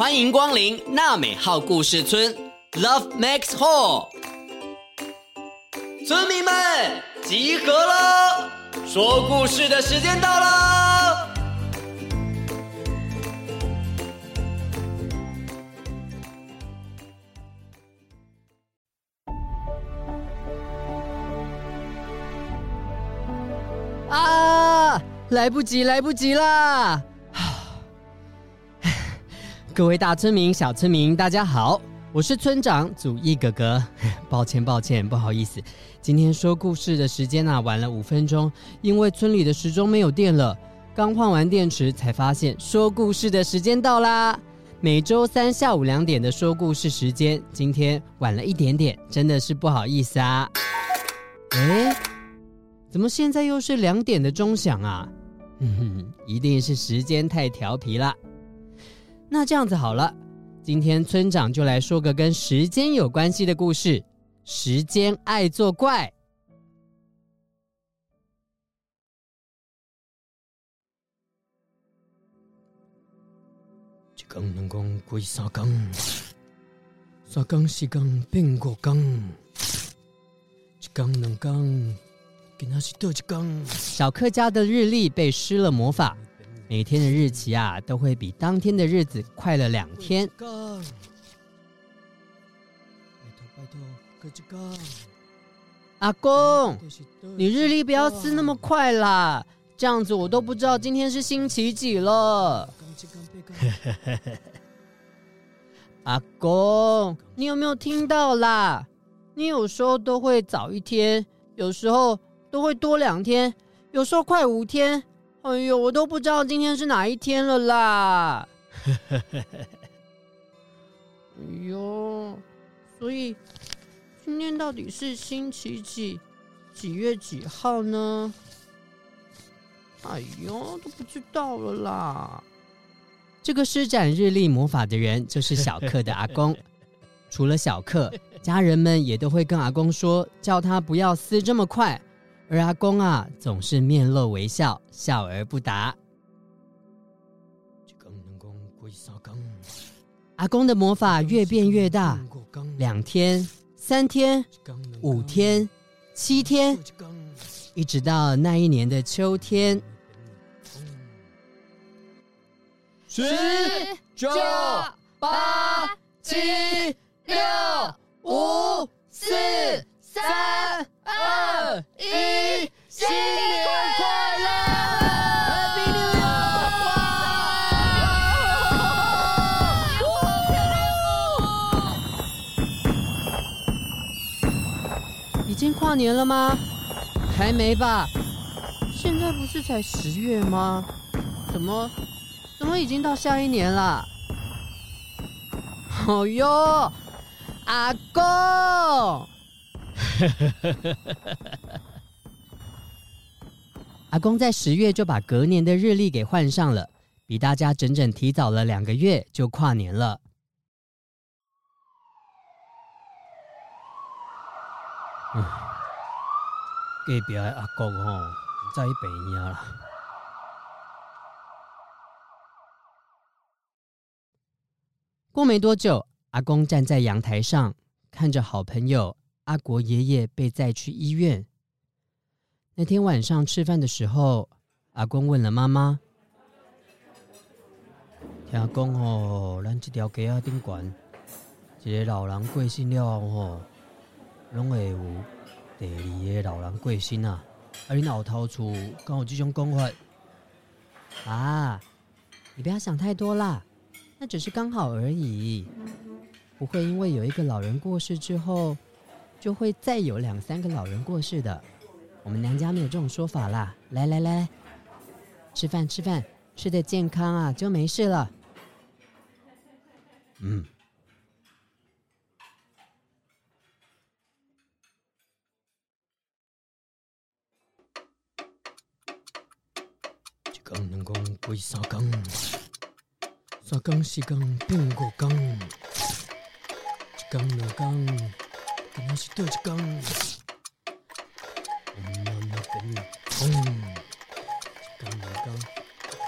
歡迎光臨納美號故事村，Love Makes Whole，村民們集合了，說故事的時間到了啊，來不及，來不及啦！各位大村民、小村民，大家好，我是村長祖逸哥哥。抱歉，抱歉，不好意思，今天說故事的時間啊，晚了五分鐘，因為村裡的時鐘沒有電了，剛換完電池才發現說故事的時間到啦。每周三下午兩點的說故事時間，今天晚了一點點，真的是不好意思啊。哎，怎麼現在又是兩點的鐘響啊？哼、嗯、哼，一定是時間太調皮了。那這樣子好了，今天村長就來說個跟時間有關係的故事，《時間愛作怪》。小克家的日曆被施了魔法。每天的日期啊，都會比當天的日子快了兩天。拜托拜托，阿公，嗯，你日曆不要撕那麼快啦！這樣子我都不知道今天是星期幾了。 阿公，你有沒有聽到啦？你有時候都會早一天，有時候都會多兩天，有時候快五天。哎呦，我都不知道今天是哪一天了啦！哎呦，所以今天到底是星期幾、幾月幾號呢？哎呦，都不知道了啦！這個施展日曆魔法的人就是小克的阿公。除了小克，家人們也都會跟阿公說，叫他不要撕這麼快。而阿公啊，總是面露微笑，笑而不答。阿公的魔法越變越大，兩天、三天、五天、七天，一直到那一年的秋天。十、九、八、七。嗎？還沒吧？現在不是才十月嗎？怎麼？怎麼已經到下一年了？好喲，阿公！ 阿公在十月就把隔年的日曆給換上了，比大家整整提早了兩個月就跨年了。嗯。隔壁阿公吼、哦，在病院過沒多久，阿公站在陽台上，看着好朋友阿國爺爺被載去醫院。那天晚上吃飯的時候，阿公問了媽媽：“聽阿公吼，咱這條街啊，賓館一個老人貴姓了後吼、哦，攏會有？”第二老人貴姓啊？而、啊、你老掏出跟我這種講話啊？你不要想太多啦，那只是剛好而已，不會因為有一個老人過世之後，就會再有兩三個老人過世的。我們娘家沒有這種說法啦。來來來，吃飯吃飯，吃得健康啊，就沒事了。嗯。一江兩江，幾三江？三江四江，變過江。一江兩江，今天是第幾江？一江兩江，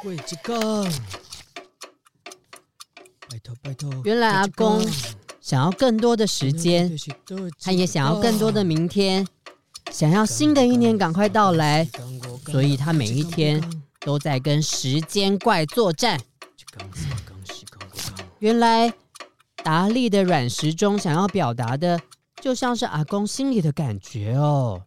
過幾江？拜托拜托。原來阿公想要更多的時間，嗯、他也想要更多的明天，哦、想要新的一年趕快到來，嗯、所以他每一天。都在跟時間怪作戰。原來達利的軟時鐘想要表達的，就像是阿公心裡的感覺哦。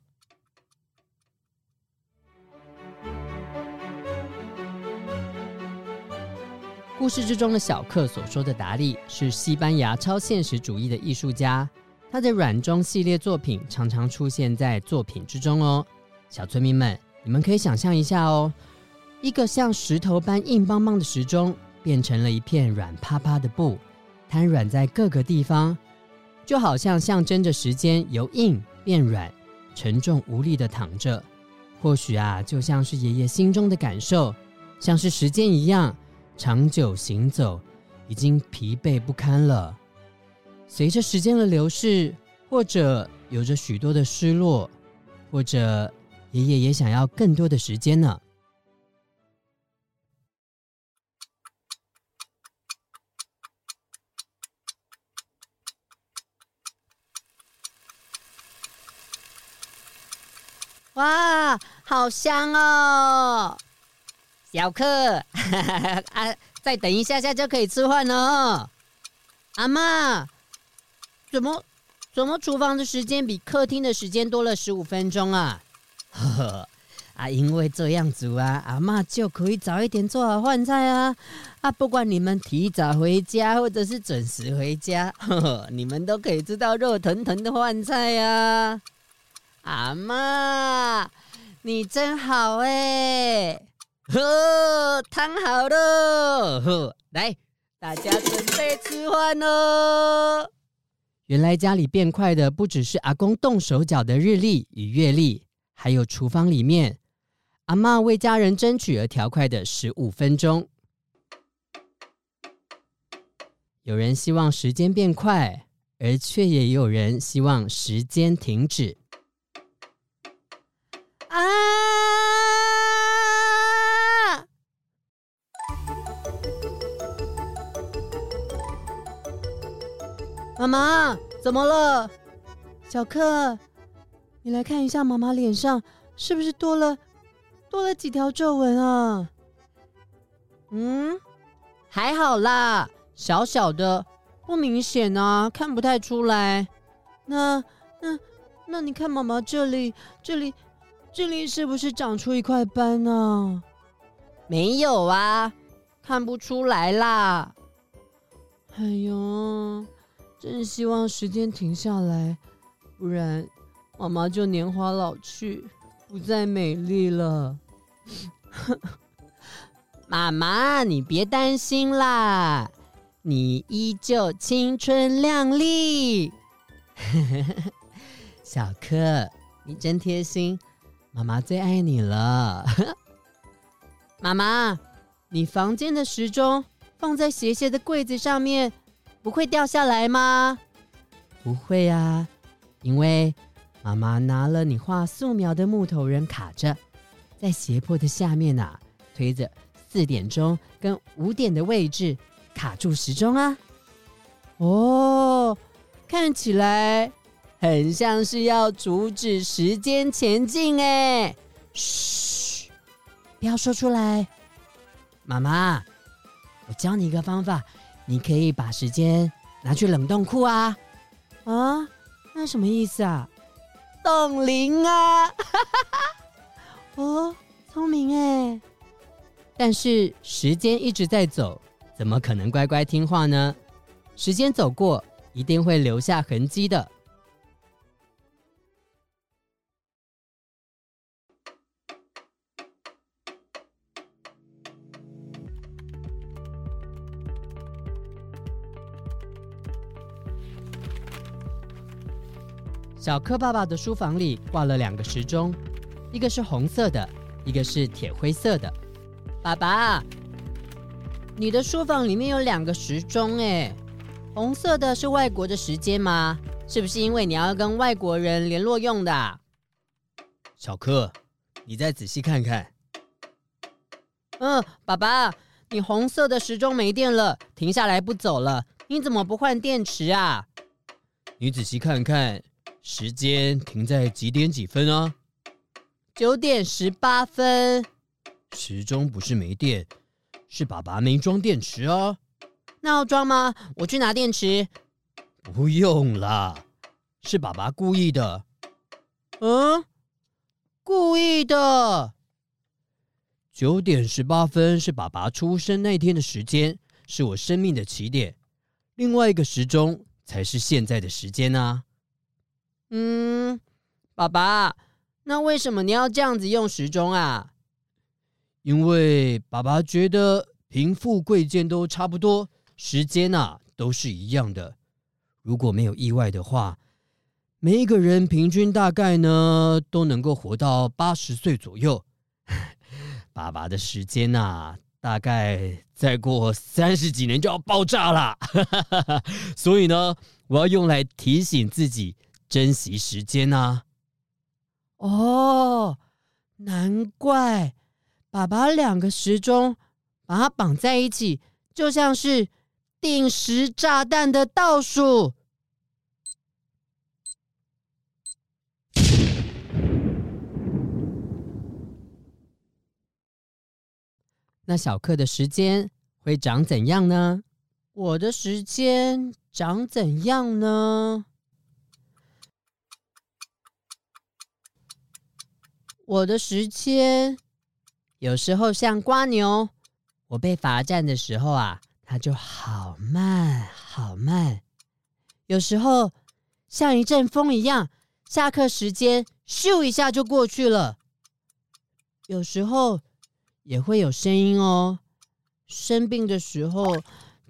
故事之中的小克所說的達利，是西班牙超現實主義的藝術家。他的軟時鐘系列作品常常出現在作品之中哦。小村民們，你們可以想象一下哦。一個像石頭般硬邦邦的時鐘，變成了一片軟趴趴的布，癱軟在各個地方，就好像象徵着時間由硬變軟，沉重無力的躺着。或許啊，就像是爺爺心中的感受，像是時間一樣，長久行走已經疲憊不堪了。隨着時間的流逝，或者有着許多的失落，或者爺爺也想要更多的時間呢。哇，好香哦，小！小克，啊，再等一下下就可以吃飯了哦。阿媽，怎麼怎麼廚房的時間比客廳的時間多了十五分鐘啊？呵呵，啊，因為這樣子啊，阿媽就可以早一點做好飯菜啊。啊，不管你們提早回家或者是準時回家，呵呵，你們都可以吃到熱騰騰的飯菜啊。阿媽，你真好哎！呵，湯好了，呵，來，大家準備吃飯嘍。原來家裡變快的不只是阿公動手腳的日曆與月曆，還有廚房裡面阿媽為家人爭取而調快的十五分鐘。有人希望時間變快，而卻也有人希望時間停止。啊！媽媽，怎麼了？小克，你來看一下媽媽臉上是不是多了多了幾條皺紋啊？嗯，還好啦，小小的，不明顯啊，看不太出來。那、那、那，你看媽媽這裡，這裡。這裡是不是長出一塊斑呢？啊？沒有啊，看不出來啦。哎呦，真希望時間停下來，不然媽媽就年華老去，不再美麗了。 媽媽，你別擔心啦，你依舊青春靚麗。 小克，你真貼心。媽媽最愛你了。媽媽，你房間的時鐘放在斜斜的櫃子上面，不會掉下來嗎？不會啊，因為媽媽拿了你畫素描的木頭人卡着，在斜坡的下面呢、啊，推着四點鐘跟五點的位置卡住時鐘啊。哦，看起來。很像是要阻止時間前進哎！噓，不要說出來。媽媽，我教你一個方法，你可以把時間拿去冷凍庫啊！啊？那什麼意思啊？凍齡啊！哈哈哈。哦，聰明哎！但是時間一直在走，怎麼可能乖乖聽話呢？時間走過，一定會留下痕跡的。小克爸爸的書房裡掛了兩個時鐘，一個是紅色的，一個是鐵灰色的。爸爸，你的書房裡面有兩個時鐘誒？紅色的是外國的時間嗎？是不是因為你要跟外國人聯絡用的？小克，你再仔細看看。嗯，爸爸，你紅色的時鐘沒電了，停下來不走了，你怎麼不換電池啊？你仔細看看。時間停在幾點幾分啊？九點十八分。時鐘不是沒電，是爸爸沒裝電池哦。那要裝嗎？我去拿電池。不用啦，是爸爸故意的。嗯，故意的。九點十八分是爸爸出生那天的時間，是我生命的起點。另外一個時鐘才是現在的時間啊。嗯，爸爸，那為什麼你要這樣子用時鐘啊？因為爸爸覺得貧富貴賤都差不多，時間吶、啊、都是一樣的。如果沒有意外的話，每一個人平均大概呢都能夠活到八十歲左右。 爸爸的時間吶、啊，大概再過三十幾年就要爆炸了， 所以呢，我要用來提醒自己。珍惜時間啊！哦，難怪爸爸兩個時鐘把它綁在一起，就像是定時炸彈的倒數。那小克的時間會長怎樣呢？我的時間長怎樣呢？我的時間有時候像蝸牛，我被罰站的時候啊，它就好慢好慢；有時候像一陣風一樣，下課時間咻一下就過去了；有時候也會有聲音哦，生病的時候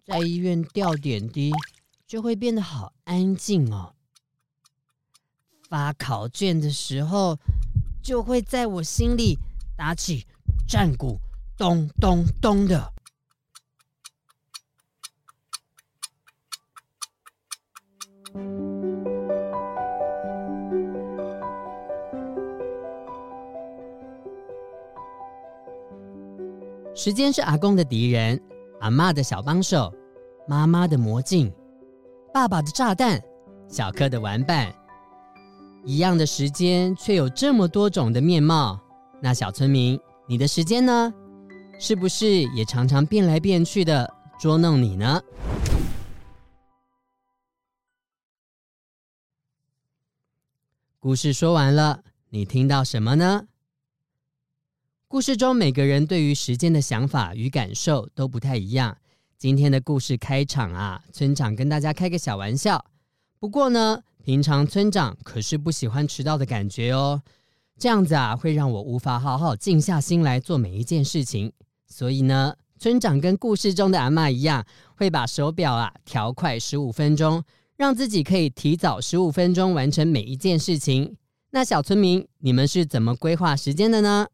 在醫院吊點滴，就會變得好安靜哦。發考卷的時候。就會在我心裡打起戰鼓，咚咚咚的。時間是阿公的敵人，阿嬤的小幫手，媽媽的魔鏡，爸爸的炸彈，小克的玩伴。一樣的時間，卻有這麼多種的面貌。那小村民，你的時間呢？是不是也常常變來變去的捉弄你呢？故事說完了，你聽到什麼呢？故事中每個人對於時間的想法與感受都不太一樣。今天的故事開場啊，村長跟大家開個小玩笑。不過呢。平常村長可是不喜歡遲到的感覺哦，這樣子啊，會讓我無法好好靜下心來做每一件事情。所以呢，村長跟故事中的阿嬤一樣，會把手表啊調快十五分鐘，讓自己可以提早十五分鐘完成每一件事情。那小村民，你們是怎麼規劃時間的呢？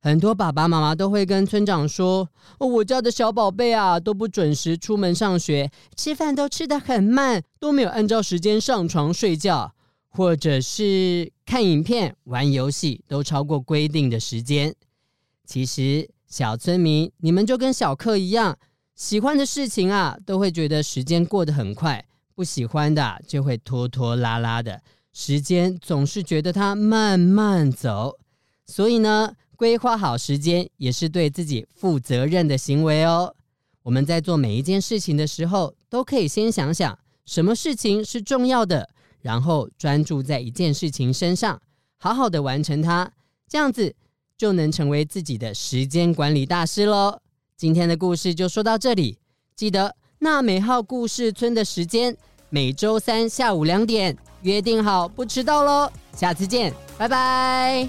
很多爸爸媽媽都會跟村長說，哦：“我家的小寶貝啊，都不準時出門上學，吃飯都吃得很慢，都沒有按照時間上床睡覺，或者是看影片、玩遊戲都超過規定的時間。”其實，小村民你們就跟小克一樣，喜歡的事情啊，都會覺得時間過得很快；不喜歡的，啊，就會拖拖拉拉的，時間總是覺得它慢慢走。所以呢。規劃好時間也是對自己負責任的行為哦。我們在做每一件事情的時候，都可以先想想什麼事情是重要的，然後專注在一件事情身上，好好的完成它。這樣子就能成為自己的時間管理大師嘍。今天的故事就說到這裡，記得納美號故事村的時間，每周三下午兩點，約定好不遲到嘍。下次見，拜拜。